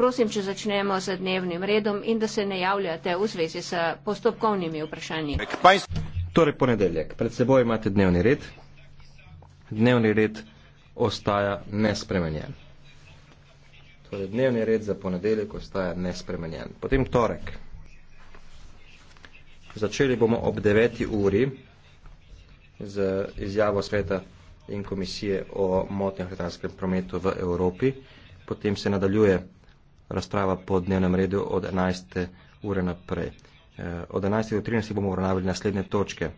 Prosim, če začnemo z dnevnim redom in da se ne javljate v zvezi s postopkovnimi vprašanji. Torej ponedeljek, pred seboj imate dnevni red. Dnevni red ostaja nespremenjen. Torej dnevni red za ponedeljek ostaja nespremenjen. Potem torek. Začeli bomo ob 9. uri z izjavo sveta in komisije o motnjah letalskem prometu v Evropi. Potem se nadaljuje razprava po dnevnem redu od 11. ure naprej. Eh, od 11. do 13. bomo obravnavali naslednje točke.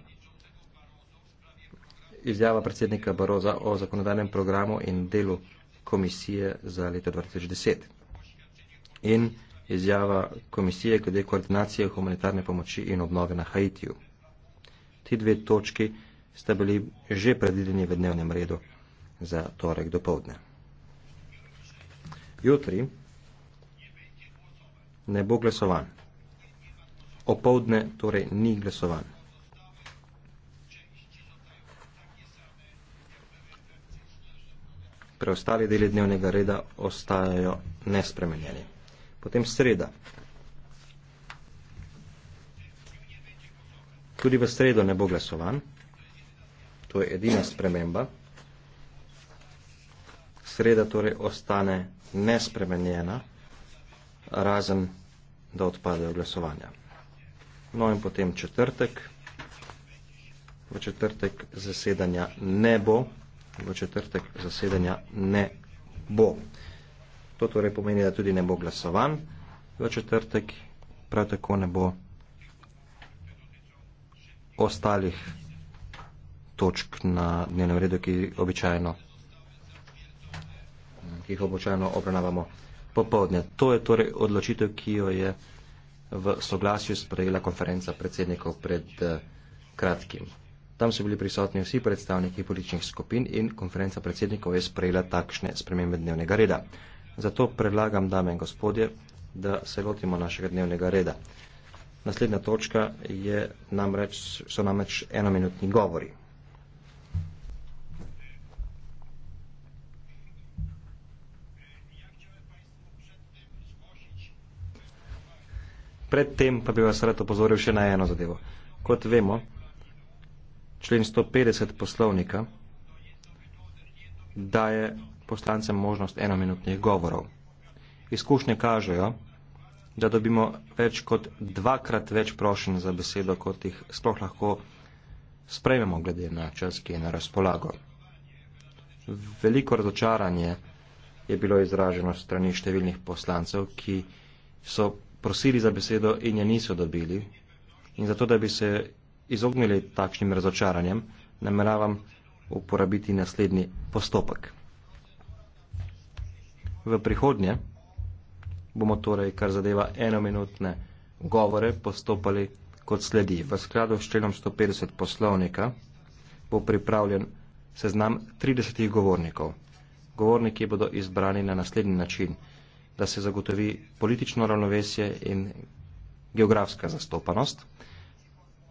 Izjava predsednika Baroza o zakonodajnem programu in delu komisije za leto 2010. In izjava komisije glede koordinacije humanitarne pomoči in obnove na Haitiju. Ti dve točki sta bili že predvideni v dnevnem redu za torek do povdne. Jutri ne bo glasovan. Opovdne torej ni glasovan. Preostali deli dnevnega reda ostajajo nespremenjeni. Potem sreda. Tudi v sredo ne bo glasovan. To je edina sprememba. Sreda torej ostane nespremenjena razen da odpadejo glasovanja. No in potem četrtek, v četrtek zasedanja ne bo, v četrtek zasedanja ne bo. To torej pomeni, da tudi ne bo glasovan, v četrtek prav tako ne bo ostalih točk na dnevnem redu, ki, običajno, ki jih običajno obravnavamo popovdne. To je torej odločitev, ki jo je v soglasju sprejela konferenca predsednikov pred eh, kratkim. Tam so bili prisotni vsi predstavniki političnih skupin in konferenca predsednikov je sprejela takšne spremembe dnevnega reda. Zato predlagam, dame in gospodje, da se lotimo našega dnevnega reda. Naslednja točka je namreč, so namreč enominutni govori. predtem pa bi vas rad opozoril še na eno zadevo. Kot vemo, člen 150 poslovnika daje poslancem možnost enominutnih govorov. Izkušnje kažejo, da dobimo več kot dvakrat več prošen za besedo, kot jih sploh lahko sprejmemo glede na čas, ki je na razpolago. Veliko razočaranje je bilo izraženo strani številnih poslancev, ki so prosili za besedo in je niso dobili. In zato, da bi se izognili takšnim razočaranjem, nameravam uporabiti naslednji postopek. V prihodnje bomo torej, kar zadeva enominutne govore, postopali kot sledi. V skladu s členom 150 poslovnika bo pripravljen seznam 30 govornikov. Govorniki bodo izbrani na naslednji način da se zagotovi politično ravnovesje in geografska zastopanost.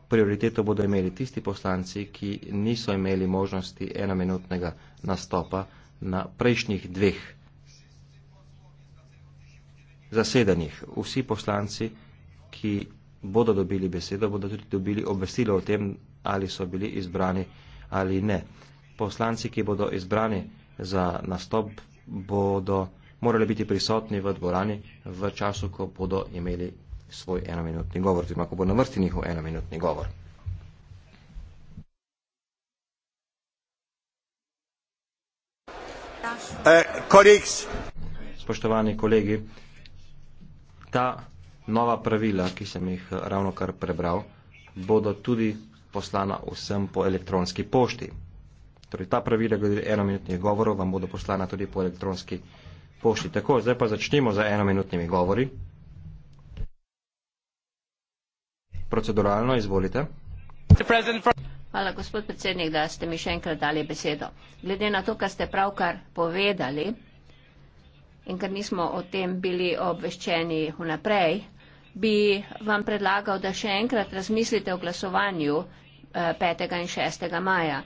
Prioriteto bodo imeli tisti poslanci, ki niso imeli možnosti enominutnega nastopa na prejšnjih dveh zasedanjih. Vsi poslanci, ki bodo dobili besedo, bodo tudi dobili obvestilo o tem, ali so bili izbrani ali ne. Poslanci, ki bodo izbrani za nastop, bodo izbrani morali biti prisotni v dvorani v času, ko bodo imeli svoj enominutni govor, oziroma ko bo na vrsti njihov enominutni govor. Eh, Spoštovani kolegi, ta nova pravila, ki sem jih eh, ravno kar prebral, bodo tudi poslana vsem po elektronski pošti. Torej, ta pravila glede enominutnih govorov vam bodo poslana tudi po elektronski pošti pošti. Tako, zdaj pa začnimo z enominutnimi govori. Proceduralno, izvolite. Hvala, gospod predsednik, da ste mi še enkrat dali besedo. Glede na to, kar ste pravkar povedali in ker nismo o tem bili obveščeni vnaprej, bi vam predlagal, da še enkrat razmislite o glasovanju 5. Eh, in 6. maja.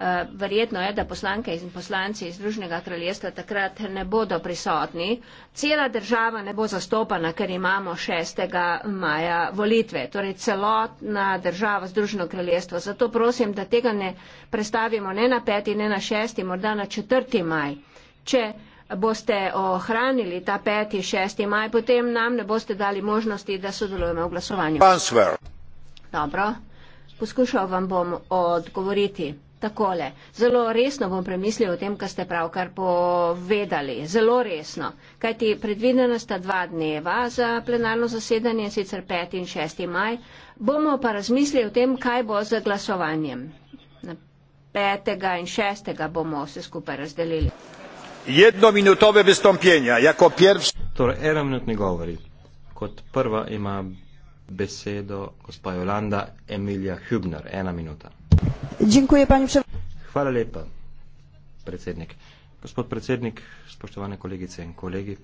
Eh, verjetno je, da poslanke in poslanci iz Združenega kraljestva takrat ne bodo prisotni. Cela država ne bo zastopana, ker imamo 6. maja volitve, torej celotna država Združeno kraljestvo. Zato prosim, da tega ne predstavimo ne na 5. ne na 6. morda na 4. maj. Če boste ohranili ta 5. 6. maj, potem nam ne boste dali možnosti, da sodelujemo v glasovanju. Dobro, poskušal vam bom odgovoriti. Takole. Zelo resno bom premislil o tem, kar ste pravkar povedali. Zelo resno. Kajti predvidena sta dva dneva za plenarno zasedanje, sicer 5 in 6 maj. Bomo pa razmislili o tem, kaj bo z glasovanjem. 5. in 6. bomo vse skupaj razdelili. Jedno minutove vystąpienia, jako pierwszy. Torej, ena minutni govori. Kot prva ima besedo gospa Jolanda Emilija Hübner. Ena minuta. Dziękuję Pani Hvala lepa, predsednik. Gospod predsednik, spoštovane kolegice in kolegi,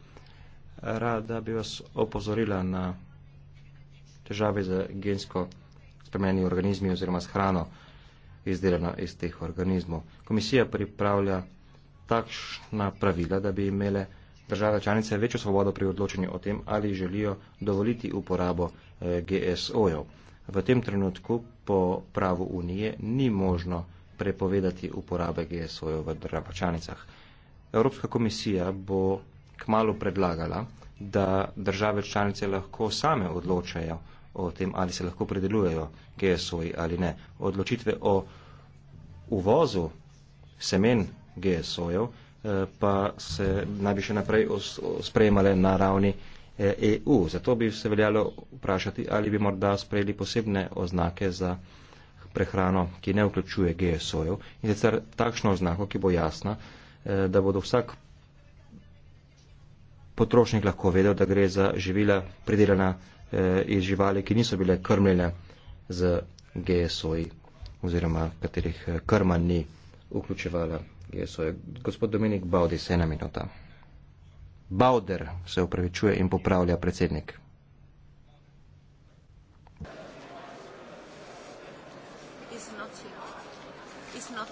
rada bi vas opozorila na težave z gensko spremenjeni organizmi oziroma s hrano izdelano iz teh organizmov. Komisija pripravlja takšna pravila, da bi imele države članice večjo svobodo pri odločenju o tem, ali želijo dovoliti uporabo eh, GSO-jev. V tem trenutku po pravu Unije ni možno prepovedati uporabe GSO-jev v državočanicah. Evropska komisija bo kmalo predlagala, da države članice lahko same odločajo o tem, ali se lahko predelujejo GSO-ji ali ne. Odločitve o uvozu semen GSO-jev eh, pa se naj bi še naprej sprejemale na ravni eh, EU. Eh, e Zato bi se veljalo vprašati, ali bi morda sprejeli posebne oznake za prehrano, ki ne vključuje GSO-jev in sicer takšno oznako, ki bo jasna, eh, da bodo vsak potrošnik lahko vedel, da gre za živila pridelana eh, iz živali, ki niso bile krmljene z GSO-ji oziroma katerih krma ni vključevala GSO-je. Gospod Dominik Baudis, ena minuta. Bauder se upravičuje in popravlja predsednik.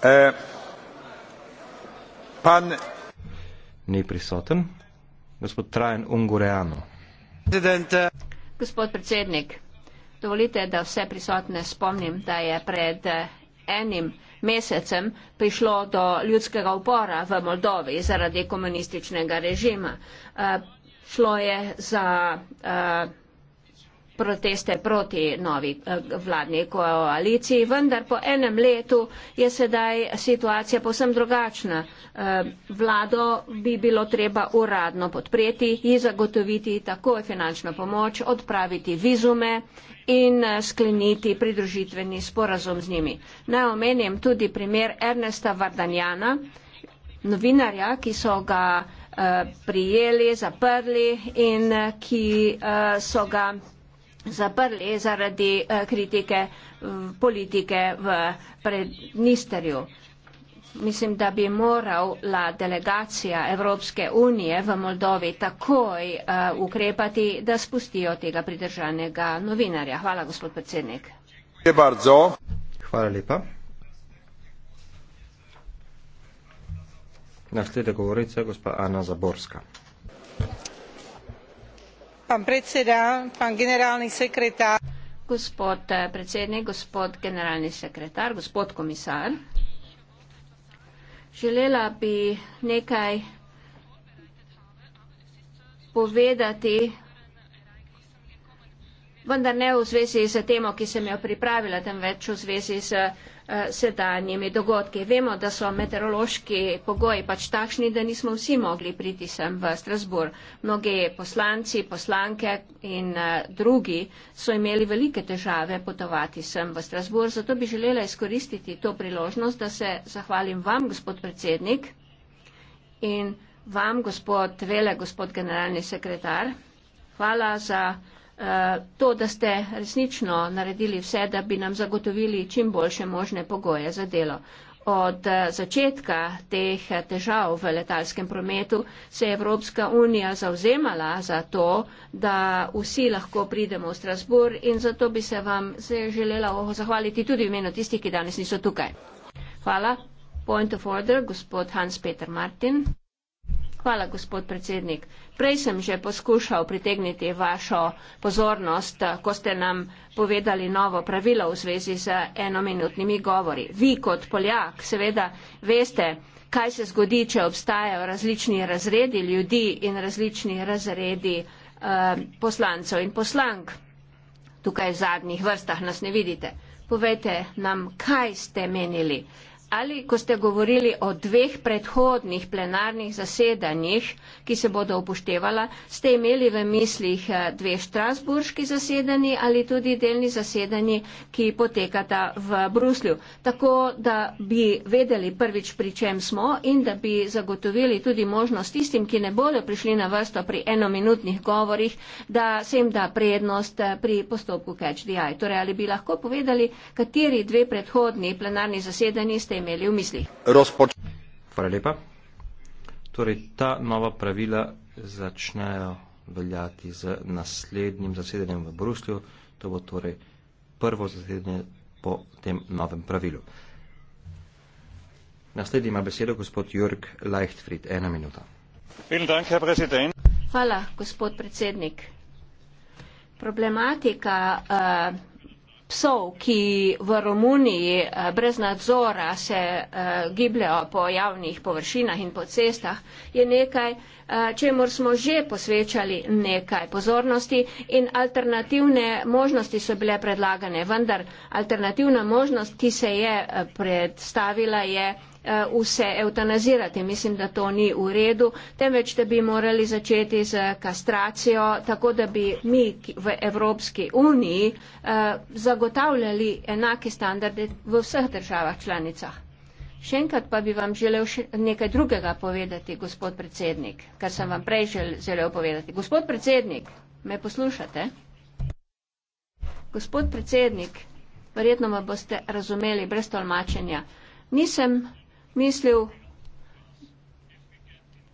E, pan ni prisoten. Gospod Trajan Ungureano. Gospod predsednik, dovolite, da vse prisotne spomnim, da je pred eh, enim mesecem prišlo do ljudskega upora v Moldovi zaradi komunističnega režima. Uh, šlo je za uh, proteste proti novi eh, vladni koaliciji, vendar po enem letu je sedaj situacija posem drugačna. Eh, vlado bi bilo treba uradno podpreti in zagotoviti takoj finančno pomoč, odpraviti vizume in eh, skleniti pridružitveni sporazum z njimi. Naj omenim tudi primer Ernesta Vardanjana, novinarja, ki so ga prijeli, zaprli in ki so ga zaprli zaradi eh, kritike politike v Prednisterju. Mislim, da bi morala delegacija Evropske unije v Moldovi takoj eh, ukrepati, da spustijo tega pridržanega novinarja. Hvala, gospod predsednik. Hvala lepa. Naslednja govorica je gospa Ana Zaborska pán predseda, pán generálny sekretár. Gospod eh, predsednik, gospod generálny sekretár, gospod komisár. Želela bi nekaj povedati vendar ne v zvezi z temo, ki sem jo pripravila, temveč v zvezi z eh, sedanjimi dogodki. Vemo, da so meteorološki pogoji pač takšni, da nismo vsi mogli priti sem v Strasbourg. Mnogi poslanci, poslanke in eh, drugi so imeli velike težave potovati sem v Strasbourg, zato bi želela izkoristiti to priložnost, da se zahvalim vam, gospod predsednik, in vam, gospod Vele, gospod generalni sekretar. Hvala za Eh, to, da ste resnično naredili vse, da bi nam zagotovili čim boljše možne pogoje za delo. Od eh, začetka teh težav v letalskem prometu se je Evropska unija zauzemala za to, da vsi lahko pridemo v Strasbur in zato bi se vam se želela oh, zahvaliti tudi v imenu tistih, ki danes niso tukaj. Hvala. Point of order, gospod Hans Peter Martin. Hvala, gospod predsednik. Prej sem že poskušal pritegniti vašo pozornost, ko ste nam povedali novo pravilo v zvezi z enominutnimi govori. Vi kot Poljak seveda veste, kaj se zgodi, če obstajajo različni razredi ljudi in različni razredi eh, poslancev in poslank. Tukaj v zadnjih vrstah nas ne vidite. Povejte nam, kaj ste menili. Ali, ko ste govorili o dveh predhodnih plenarnih zasedanjih, ki se bodo upoštevala, ste imeli v mislih eh, dve štrasburški zasedanji ali tudi delni zasedanji, ki potekata v Bruslju. Tako, da bi vedeli prvič, pri čem smo in da bi zagotovili tudi možnost tistim, ki ne bodo prišli na vrsto pri enominutnih govorih, da se jim da prednost eh, pri postopku catch the eye. Torej, ali bi lahko povedali, kateri dve predhodni plenarni zasedanji ste ste imeli v mislih. Hvala lepa. Torej, ta nova pravila začnejo veljati z naslednjim zasedanjem v Bruslju. To bo torej prvo zasedanje po tem novem pravilu. Naslednji ima besedo gospod Jörg Leichtfried. Ena minuta. Hvala, gospod predsednik. Problematika uh, psov, ki v Romuniji eh, brez nadzora se eh, gibljajo po javnih površinah in po cestah, je nekaj, eh, čemur smo že posvečali nekaj pozornosti in alternativne možnosti so bile predlagane. Vendar alternativna možnost, ki se je predstavila, je Eh, vse eutanazirati. Mislim, da to ni v redu, temveč, da bi morali začeti z kastracijo, tako da bi mi v Evropski uniji eh, zagotavljali enake standarde v vseh državah članicah. Še enkrat pa bi vam želel nekaj drugega povedati, gospod predsednik, kar sem vam prej želel povedati. Gospod predsednik, me poslušate? Gospod predsednik, verjetno me boste razumeli brez tolmačenja. Nisem mislil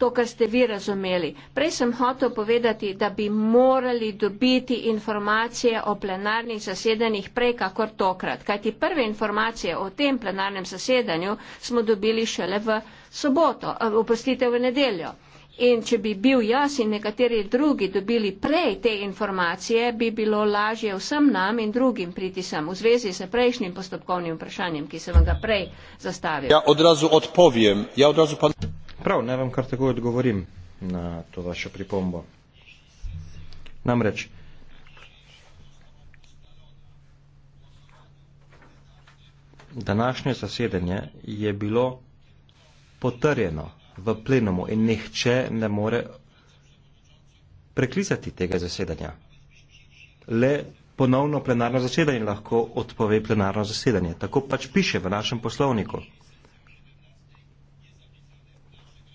to, kar ste vi razumeli. Prej sem hotel povedati, da bi morali dobiti informacije o plenarnih zasedanjih prej, kakor tokrat. Kajti prve informacije o tem plenarnem zasedanju smo dobili šele v soboto, eh, oprostite, v nedeljo. In če bi bil jaz in nekateri drugi dobili prej te informacije, bi bilo lažje vsem nam in drugim priti sem v zvezi s prejšnjim postopkovnim vprašanjem, ki sem ga prej zastavil. Ja odrazu odpovem. Ja odrazu pa... Prav, naj vam kar tako odgovorim na to vašo pripombo. Namreč, današnje zasedanje je bilo potrjeno v plenumu in nihče ne more preklicati tega zasedanja. Le ponovno plenarno zasedanje lahko odpove plenarno zasedanje. Tako pač piše v našem poslovniku.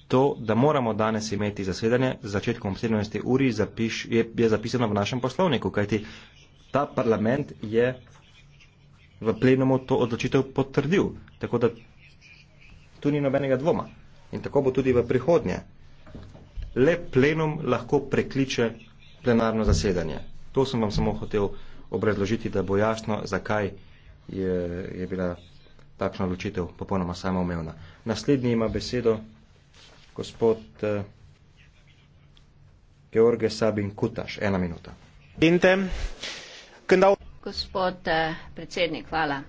To, da moramo danes imeti zasedanje z začetkom 17. uri, zapiš, je, je zapisano v našem poslovniku, kajti ta parlament je v plenumu to odločitev potrdil. Tako da tu ni nobenega dvoma. In tako bo tudi v prihodnje. Le plenum lahko prekliče plenarno zasedanje. To sem vam samo hotel obrazložiti, da bo jasno, zakaj je, je bila takšna odločitev popolnoma samoumevna. Naslednji ima besedo gospod uh, George Sabin Kutaš. Ena minuta. Binte, kendal... Gospod uh, predsednik, hvala.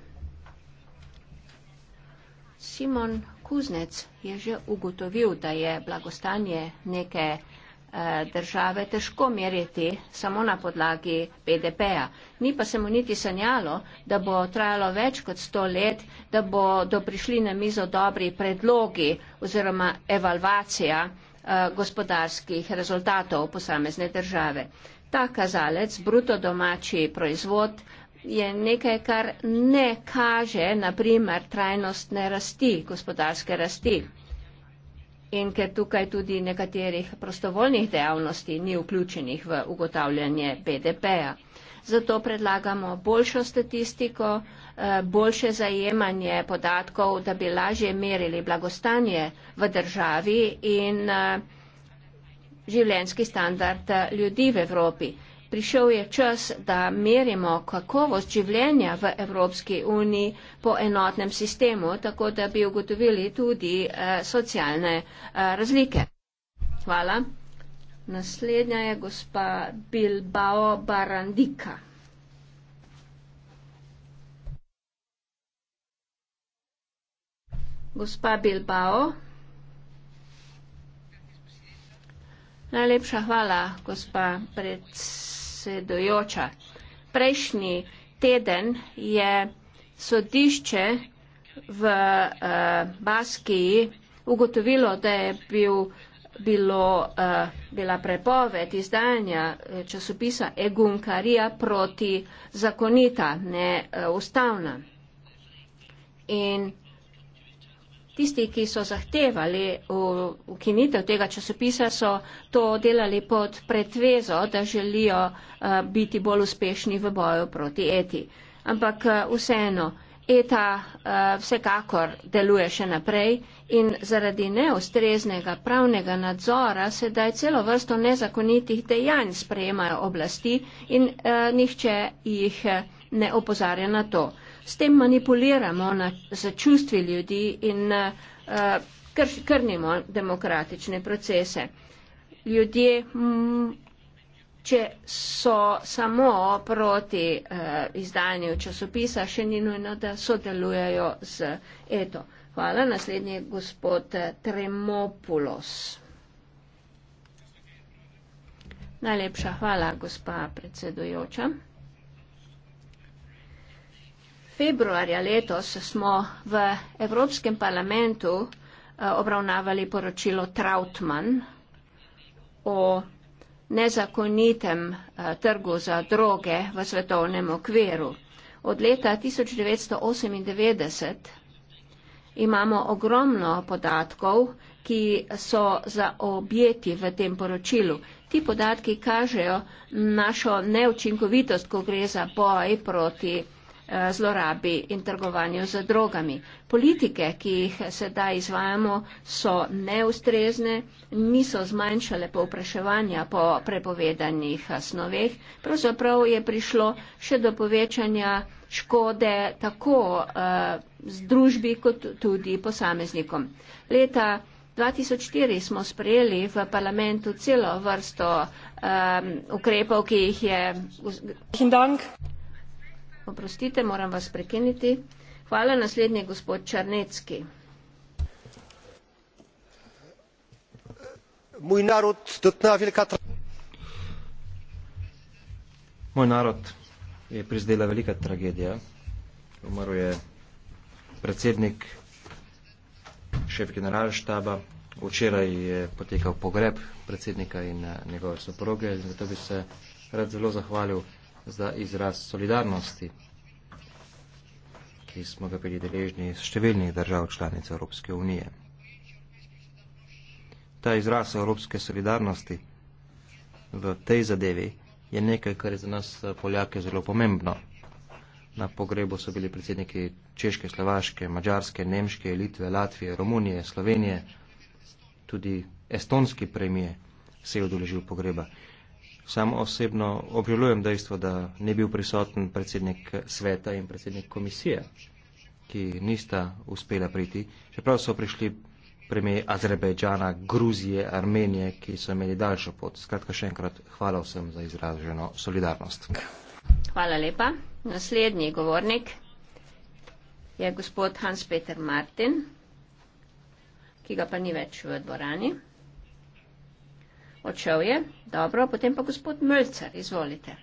Simon Kuznec je že ugotovil, da je blagostanje neke eh, države težko meriti samo na podlagi BDP-ja. Ni pa se mu niti sanjalo, da bo trajalo več kot sto let, da bo do prišli na mizo dobri predlogi oziroma evalvacija eh, gospodarskih rezultatov posamezne države. Ta kazalec, bruto domači proizvod, je nekaj, kar ne kaže, naprimer, trajnostne rasti, gospodarske rasti. In ker tukaj tudi nekaterih prostovoljnih dejavnosti ni vključenih v ugotavljanje BDP-ja. Zato predlagamo boljšo statistiko, eh, boljše zajemanje podatkov, da bi lažje merili blagostanje v državi in eh, življenski standard eh, ljudi v Evropi. Prišel je čas, da merimo kakovost življenja v Evropski uniji po enotnem sistemu, tako da bi ugotovili tudi uh, socialne uh, razlike. Hvala. Naslednja je gospa Bilbao Barandika. Gospa Bilbao. Najlepša hvala, gospa predsedujoča. Prejšnji teden je sodišče v uh, Baskiji ugotovilo, da je bil, bilo, uh, bila prepoved izdanja eh, časopisa Egunkarija proti zakonita, ne uh, ustavna. In Tisti, ki so zahtevali ukinitev tega časopisa, so to delali pod pretvezo, da želijo eh, biti bolj uspešni v boju proti eti. Ampak eh, vseeno, eta eh, vsekakor deluje še naprej in zaradi neustreznega pravnega nadzora sedaj celo vrsto nezakonitih dejanj sprejemajo oblasti in nihče jih ne opozarja na to s tem manipuliramo na začustvi ljudi in uh, krnimo demokratične procese. Ljudje, m, če so samo proti uh, izdanju časopisa, še ni nujno, da sodelujejo z eto. Hvala. Naslednji je gospod eh, Tremopulos. Najlepša hvala, gospa predsedujoča. Februarja letos smo v Evropskem parlamentu eh, obravnavali poročilo Trautmann o nezakonitem eh, trgu za droge v svetovnem okviru. Od leta 1998 imamo ogromno podatkov, ki so zaobjeti v tem poročilu. Ti podatki kažejo našo neučinkovitost, ko gre za boj proti Eh, zlorabi in trgovanju z drogami. Politike, ki jih sedaj izvajamo, so neustrezne, niso zmanjšale povpraševanja po prepovedanih eh, snoveh, pravzaprav je prišlo še do povečanja škode tako eh, z družbi kot tudi posameznikom. Leta 2004 smo sprejeli v parlamentu celo vrsto um, ukrepov, ki jih je. Oprostite, moram vas prekiniti. Hvala, naslednji gospod Črnecki. Moj narod, dotna velika tragedija. Moj narod je prizdela velika tragedija. Umrl je predsednik, šef generalštaba. Včeraj je potekal pogreb predsednika in eh, njegove soproge. Zato bi se rad zelo zahvalil za izraz solidarnosti, ki smo ga bili deležni s številnih držav članic Evropske unije. Ta izraz Evropske solidarnosti v tej zadevi je nekaj, kar je za nas eh, Poljake zelo pomembno. Na pogrebu so bili predsedniki Češke, Slovaške, Mađarske, Nemške, Litve, Latvije, Romunije, Slovenije, tudi estonski premije se je odoležil pogreba. Sam osebno obžalujem dejstvo, da ne bil prisoten predsednik sveta in predsednik komisije, ki nista uspela priti. Čeprav so prišli premije Azerbejdžana, Gruzije, Armenije, ki so imeli daljšo pot. Skratka, še enkrat hvala vsem za izraženo solidarnost. Hvala lepa. Naslednji govornik je gospod Hans-Peter Martin, ki ga pa ni več v dvorani. Odšel je, dobro, potem pa gospod Mlcer, izvolite.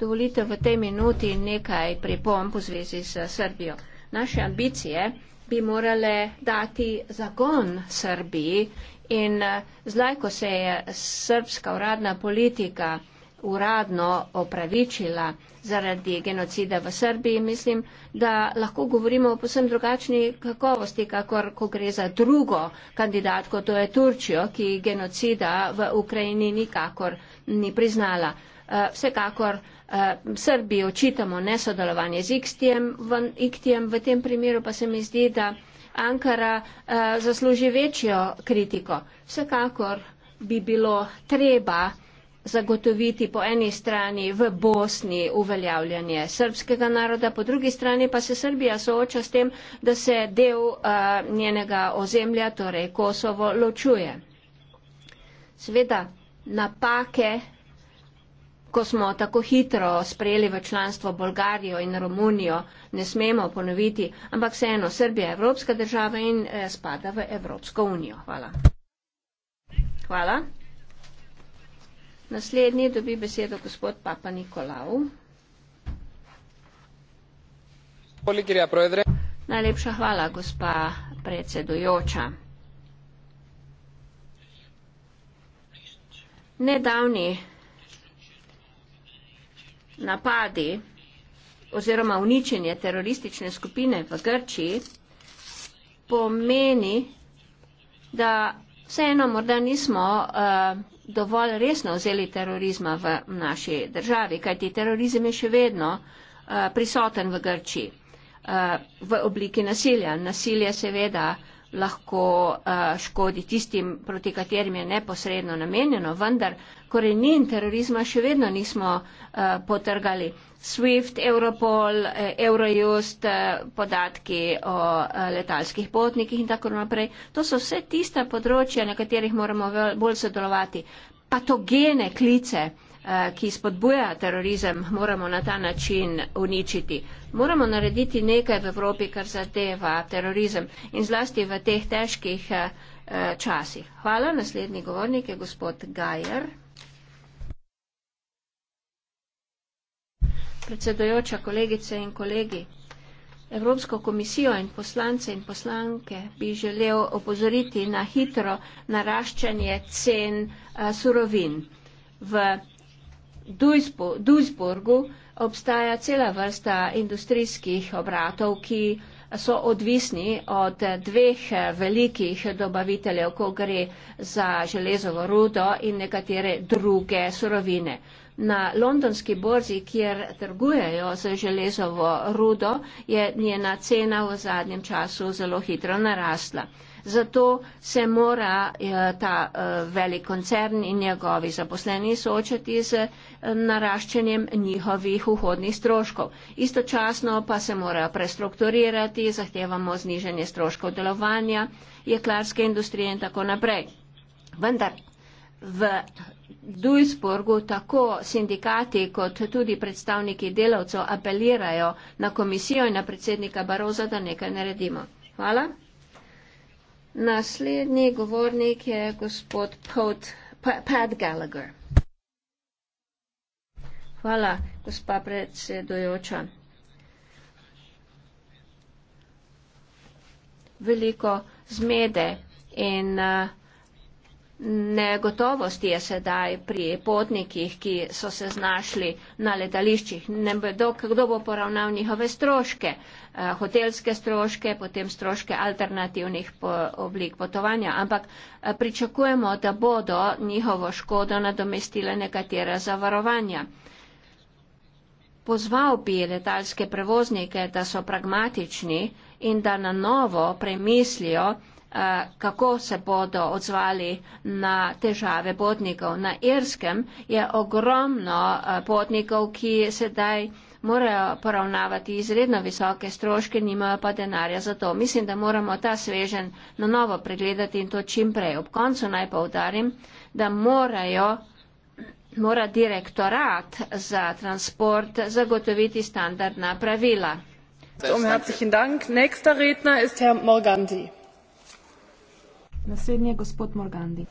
Dovolite v tej minuti nekaj pripomb v zvezi s Srbijo. Naše ambicije bi morale dati zagon Srbiji in eh, zdaj, ko se je srbska uradna politika uradno opravičila zaradi genocida v Srbiji, mislim, da lahko govorimo o posebno drugačni kakovosti, kakor ko gre za drugo kandidatko, to je Turčijo, ki genocida v Ukrajini nikakor ni priznala. Eh, vsekakor eh, Srbiji očitamo nesodelovanje z Iktijem, v, Iktijem, v tem primeru pa se mi zdi, da Ankara eh, zasluži večjo kritiko. Vsekakor bi bilo treba zagotoviti po eni strani v Bosni uveljavljanje srpskega naroda, po drugi strani pa se Srbija sooča s tem, da se del uh, njenega ozemlja, torej Kosovo, ločuje. Sveda napake, ko smo tako hitro sprejeli v članstvo Bolgarijo in Romunijo, ne smemo ponoviti, ampak vseeno Srbija je evropska država in eh, spada v Evropsko unijo. Hvala. Hvala. Naslednji dobi besedo gospod Papa Nikolau. Najlepša hvala, gospa predsedujoča. Nedavni napadi oziroma uničenje teroristične skupine v Grčiji pomeni, da vseeno morda nismo uh, dovolj resno vzeli terorizma v naši državi, kajti terorizem je še vedno uh, prisoten v Grči uh, eh, v obliki nasilja. Nasilje seveda uh, lahko uh, škodi tistim, proti katerim je neposredno namenjeno, vendar korenin terorizma še vedno nismo uh, potrgali. SWIFT, Europol, eh, Eurojust, podatki o letalskih potnikih in tako naprej. To so vse tista področja, na katerih moramo bolj sodelovati. Patogene klice, uh, Eh, ki spodbuja terorizem, moramo na ta način uničiti. Moramo narediti nekaj v Evropi, kar zadeva terorizem in zlasti v teh težkih eh, eh, časih. Hvala. Naslednji govornik je gospod Gajer. Predsedojoča, kolegice in kolegi, Evropsko komisijo in poslance in poslanke bi želel opozoriti na hitro naraščanje cen surovin. V Duisburgu obstaja cela vrsta industrijskih obratov, ki so odvisni od dveh velikih dobaviteljev, ko gre za železovo rudo in nekatere druge surovine. Na londonski borzi, kjer trgujejo z železovo rudo, je njena cena v zadnjem času zelo hitro narasla. Zato se mora eh, ta eh, velik koncern in njegovi zaposleni soočati z eh, naraščanjem njihovih vhodnih stroškov. Istočasno pa se mora prestrukturirati, zahtevamo zniženje stroškov delovanja, jeklarske industrije in tako naprej. Vendar v Duisburgu tako sindikati kot tudi predstavniki delavcev apelirajo na komisijo in na predsednika Baroza, da nekaj naredimo. Hvala. Naslednji govornik je gospod Pot, Pat Gallagher. Hvala, gospa predsedujoča. Veliko zmede in uh, Negotovost je sedaj pri potnikih, ki so se znašli na letališčih. Ne vedo, kdo bo poravnal njihove stroške, eh, hotelske stroške, potem stroške alternativnih oblik potovanja. Ampak eh, pričakujemo, da bodo njihovo škodo nadomestile nekatera zavarovanja. Pozval bi letalske prevoznike, da so pragmatični in da na novo premislijo, Eh, kako se bodo odzvali na težave potnikov. Na Irskem je ogromno eh, potnikov, ki sedaj morajo poravnavati izredno visoke stroške, nimajo pa denarja za to. Mislim, da moramo ta svežen na novo pregledati in to čim prej. Ob koncu naj povdarim, da morajo, mora direktorat za transport zagotoviti standardna pravila. Um, herzlichen Dank. Nächster Redner ist Herr Morgandi. Naslednji je gospod Morgandi.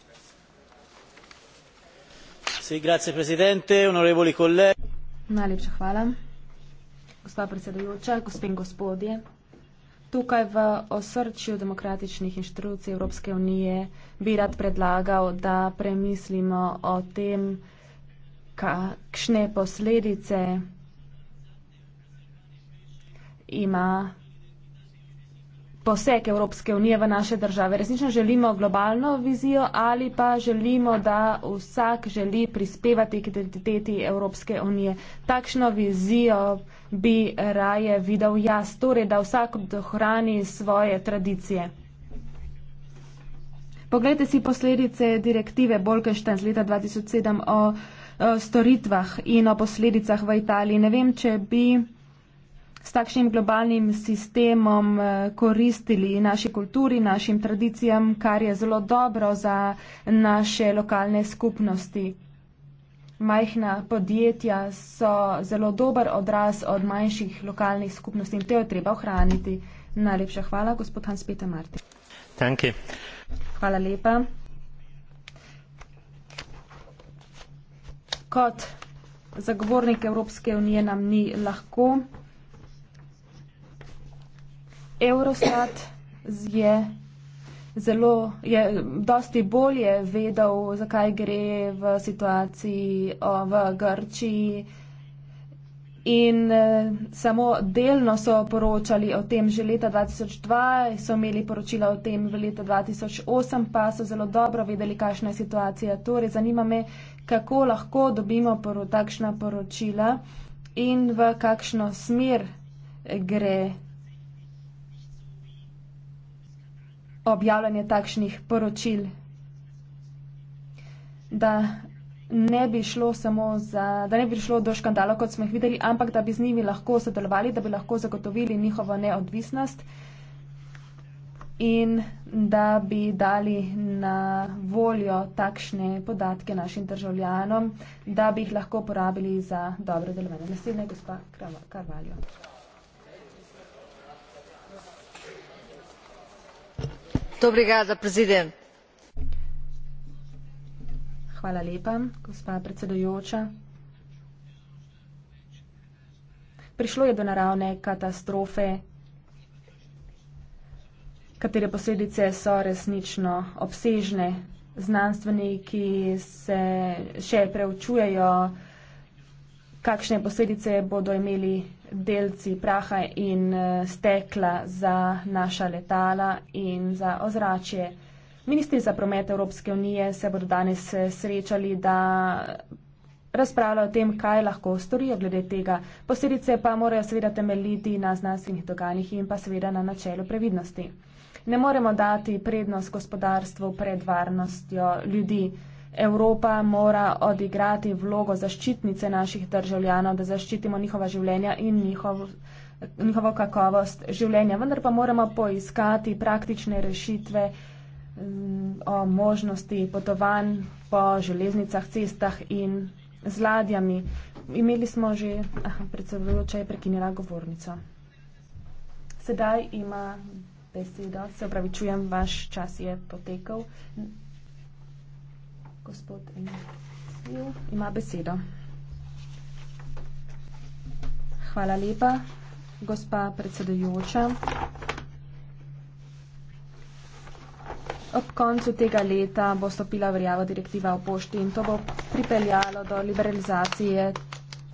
Sì, grazie presidente, onorevoli colleghi. Najlepša hvala. Gospa predsedujoča, gospe in gospodje, tukaj v osrčju demokratičnih inštitucij Evropske unije bi rad predlagal, da premislimo o tem, kakšne posledice ima poseg Evropske unije v naše države. Resnično želimo globalno vizijo ali pa želimo, da vsak želi prispevati k identiteti Evropske unije. Takšno vizijo bi raje videl jaz, torej, da vsak dohrani svoje tradicije. Poglejte si posledice direktive Bolkenstein z leta 2007 o, o storitvah in o posledicah v Italiji. Ne vem, če bi s takšnim globalnim sistemom eh, koristili naši kulturi, našim tradicijam, kar je zelo dobro za naše lokalne skupnosti. Majhna podjetja so zelo dober odraz od manjših lokalnih skupnosti in te jo treba ohraniti. Najlepša hvala, gospod Hans Peter Marti. Hvala lepa. Kot zagovornik Evropske unije nam ni lahko. Eurostat je zelo, je dosti bolje vedel, zakaj gre v situaciji o, v Grčiji. In eh, samo delno so poročali o tem že leta 2002, so imeli poročila o tem v leta 2008, pa so zelo dobro vedeli, kakšna je situacija. Torej, zanima me, kako lahko dobimo poro, takšna poročila in v kakšno smer gre objavljanje takšnih poročil, da ne bi šlo samo za, da ne bi šlo do škandala, kot smo jih videli, ampak da bi z njimi lahko sodelovali, da bi lahko zagotovili njihovo neodvisnost in da bi dali na voljo takšne podatke našim državljanom, da bi jih lahko porabili za dobro delovanje. Naslednja je gospa Karvaljo. gospa predsedujoča prišlo je do naravne katastrofe katere posledice so resnično obsežne znanstveniki se še preučujejo kakšne posledice bodo imeli delci praha in eh, stekla za naša letala in za ozračje. Ministri za promet Evropske unije se bodo danes eh, srečali, da razpravljajo o tem, kaj lahko storijo glede tega. Posledice pa morajo seveda temeljiti na znanstvenih dogajanjih in pa seveda na načelu previdnosti. Ne moremo dati prednost gospodarstvu pred varnostjo ljudi. Evropa mora odigrati vlogo zaščitnice naših državljanov, da zaščitimo njihova življenja in njihov, njihovo kakovost življenja. Vendar pa moramo poiskati praktične rešitve mm, o možnosti potovanj po železnicah, cestah in z ladjami. Imeli smo že, predsedujoča je prekinila govornico. Sedaj ima besedo, se upravičujem, vaš čas je potekal gospod Emil ima besedo. Hvala lepa, gospa predsedujoča. Ob koncu tega leta bo stopila vrjava direktiva v pošti in to bo pripeljalo do liberalizacije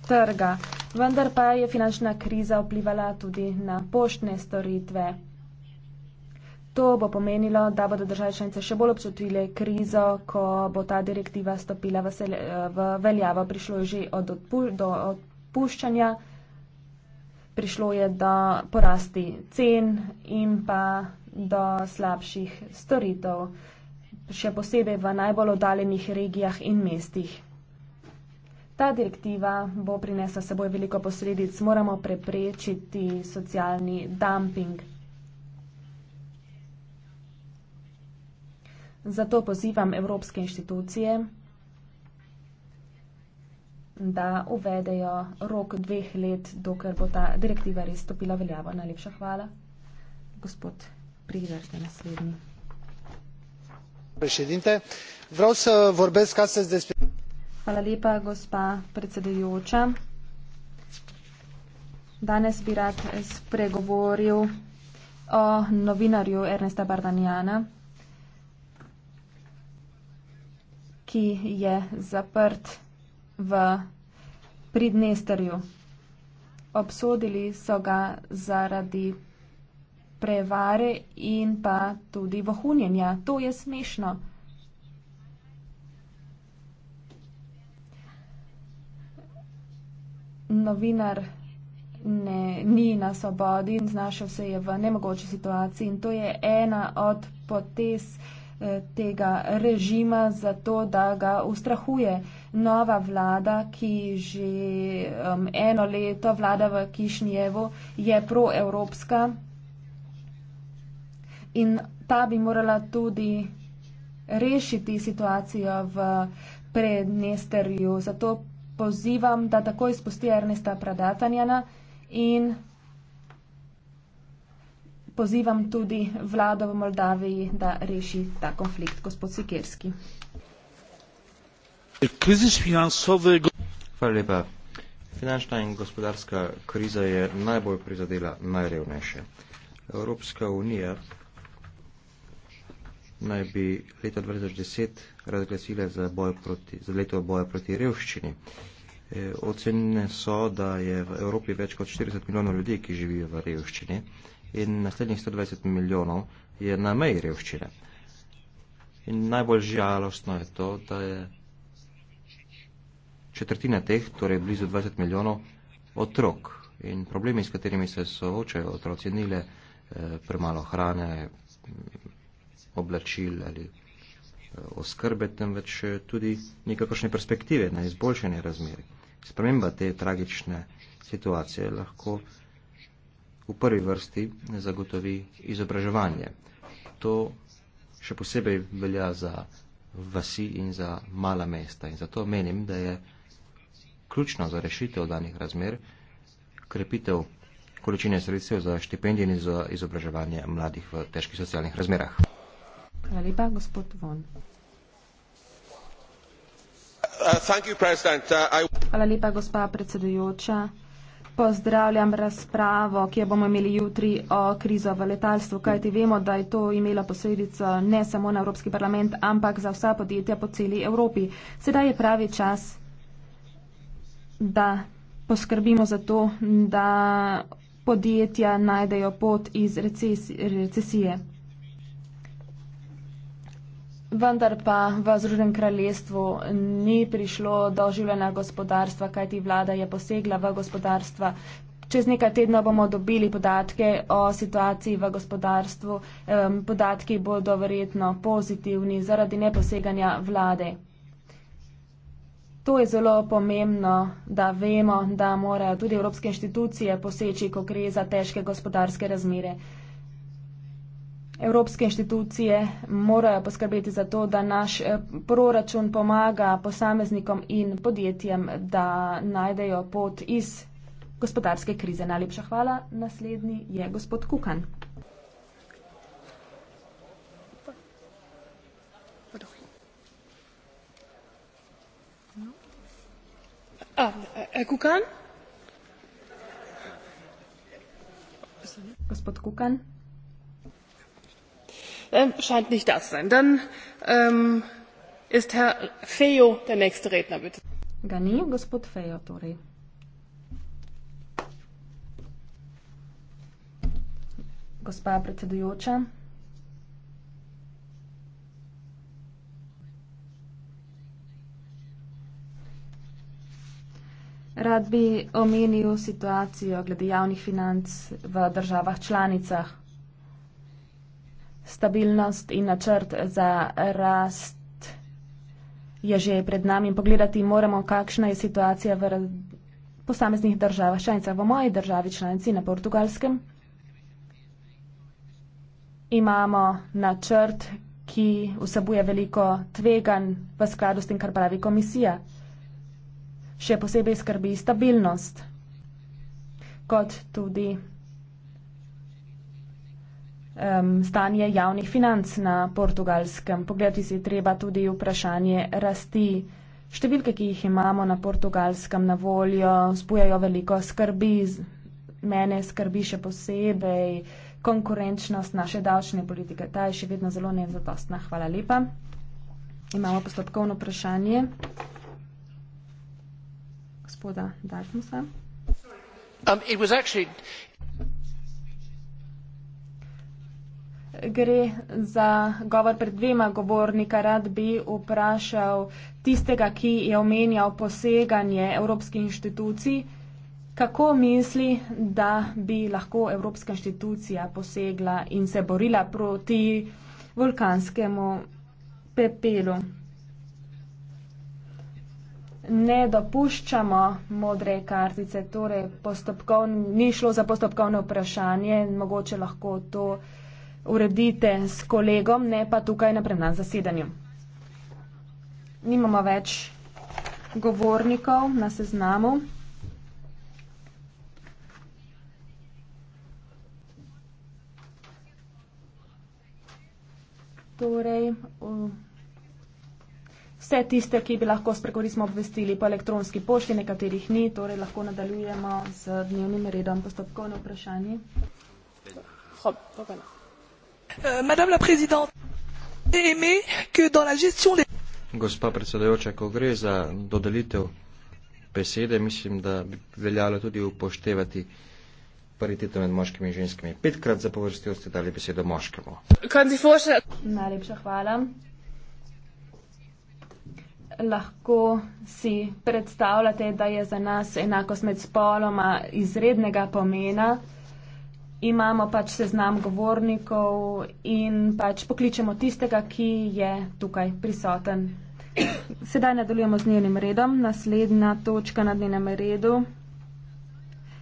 trga. Vendar pa je finančna kriza vplivala tudi na poštne storitve. To bo pomenilo, da bodo države članice še bolj občutile krizo, ko bo ta direktiva stopila v, sel, v veljavo. Prišlo je že od odpu, do odpuščanja, prišlo je do porasti cen in pa do slabših storitev, še posebej v najbolj oddaljenih regijah in mestih. Ta direktiva bo prinesla seboj veliko posledic, moramo preprečiti socialni dumping. Zato pozivam evropske inštitucije, da uvedejo rok dveh let, dokler bo ta direktiva res stopila veljavo. Najlepša hvala. Gospod Prigrašte, naslednji. Prešedinte. Vrav se vorbesk, kaj se zdaj spet... Hvala lepa, gospa predsedujoča. Danes bi rad spregovoril o novinarju Ernesta Bardanjana. Hvala lepa. ki je zaprt v Pridnesterju. Obsodili so ga zaradi prevare in pa tudi vohunjenja. To je smešno. Novinar ne, ni na svobodi in znašel se je v nemogoči situaciji in to je ena od potez, Eh, tega režima zato, da ga ustrahuje nova vlada, ki že um, eno leto vlada v Kišnjevu, je proevropska in ta bi morala tudi rešiti situacijo v prednesterju. Zato pozivam, da takoj spusti Ernesta Pradatanjana in pozivam tudi vlado v Moldaviji, da reši ta konflikt, gospod Sikerski. Hvala lepa. Finančna in gospodarska kriza je najbolj prizadela najrevnejše. Evropska unija naj bi leta 2010 razglasila za, boj proti, za leto boja proti revščini. E, ocenjene so, da je v Evropi več kot 40 milijonov ljudi, ki živijo v revščini. E, in naslednjih 120 milijonov je na meji revščine. In najbolj žalostno je to, da je četrtina teh, torej blizu 20 milijonov, otrok. In problemi, s katerimi se soočajo otroci, nile eh, premalo hrane, oblačil ali eh, oskrbe, temveč eh, tudi nekakšne perspektive na izboljšanje razmeri. Sprememba te tragične situacije lahko v prvi vrsti zagotovi izobraževanje. To še posebej velja za vasi in za mala mesta. In zato menim, da je ključno za rešitev danih razmer krepitev količine sredstev za štipendije in za izobraževanje mladih v težkih socialnih razmerah. Hvala lepa, gospod Von. Uh, uh, Hvala lepa, gospa predsedujoča pozdravljam razpravo, ki jo bomo imeli jutri o krizo v letalstvu, kajti vemo, da je to imela posledica ne samo na Evropski parlament, ampak za vsa podjetja po celi Evropi. Sedaj je pravi čas, da poskrbimo za to, da podjetja najdejo pot iz recesije vendar pa v Združenem kraljestvu ni prišlo do življenja gospodarstva, kajti vlada je posegla v gospodarstva. Čez nekaj tedna bomo dobili podatke o situaciji v gospodarstvu. Podatki bodo verjetno pozitivni zaradi neposeganja vlade. To je zelo pomembno, da vemo, da morajo tudi evropske inštitucije poseči, ko gre za težke gospodarske razmere. Evropske inštitucije morajo poskrbeti za to, da naš eh, proračun pomaga posameznikom in podjetjem, da najdejo pot iz gospodarske krize. Najlepša hvala. Naslednji je gospod Kukan. A, ah, e, eh, eh, Kukan? Gospod Kukan? Ähm, scheint nicht da zu sein. Dann ähm, ist Herr Feo der nächste Redner, bitte. Gani, gospod Feo, torej. Gospa predsedujoča. Rad bi omenil situacijo glede javnih financ v državah članicah stabilnost in načrt za rast je že pred nami in pogledati moramo, kakšna je situacija v posameznih državah, članicah. V moji državi članici na Portugalskem imamo načrt, ki vsebuje veliko tveganj v skladu s tem, kar pravi komisija. Še posebej skrbi stabilnost, kot tudi stabilnost um, stanje javnih financ na portugalskem. Pogledati si treba tudi vprašanje rasti. Številke, ki jih imamo na portugalskem na voljo, spujajo veliko skrbi. Mene skrbi še posebej konkurenčnost naše davčne politike. Ta je še vedno zelo nezadostna. Hvala lepa. Imamo postopkovno vprašanje. Gospoda Dartmusa. Um, gre za govor pred dvema govornika, rad bi vprašal tistega, ki je omenjal poseganje evropskih inštitucij, kako misli, da bi lahko evropska inštitucija posegla in se borila proti vulkanskemu pepelu. Ne dopuščamo modre kartice, torej postopkovni, ni šlo za postopkovno vprašanje, mogoče lahko to uredite s kolegom, ne pa tukaj na prenas zasedanju. Nimamo več govornikov na seznamu. Torej, vse tiste, ki bi lahko spregovorili, smo obvestili po elektronski pošti, nekaterih ni, torej lahko nadaljujemo z dnevnim redom postopkovno vprašanje. Hop, pa pa na. Euh, madame la présidente, aimé que dans la gestion des. Gospa predsedujoča, ko gre za dodelitev besede, mislim, da bi veljalo tudi upoštevati pariteto med moškimi in ženskimi. Petkrat za povrstjo ste dali besedo moškemu. Najlepša hvala. Lahko si predstavljate, da je za nas enakost med spoloma izrednega pomena imamo pač seznam govornikov in pač pokličemo tistega, ki je tukaj prisoten. Sedaj nadaljujemo z njenim redom. Naslednja točka na njenem redu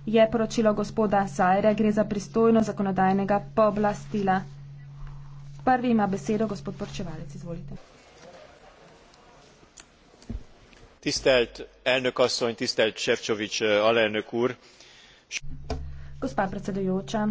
je poročilo gospoda Sajre, gre za pristojno zakonodajnega poblastila. Prvi ima besedo gospod Porčevalec, izvolite. Tisztelt elnök asszony, tisztelt Sefcsovics eh, alelnök úr! Gospa predsedujoča,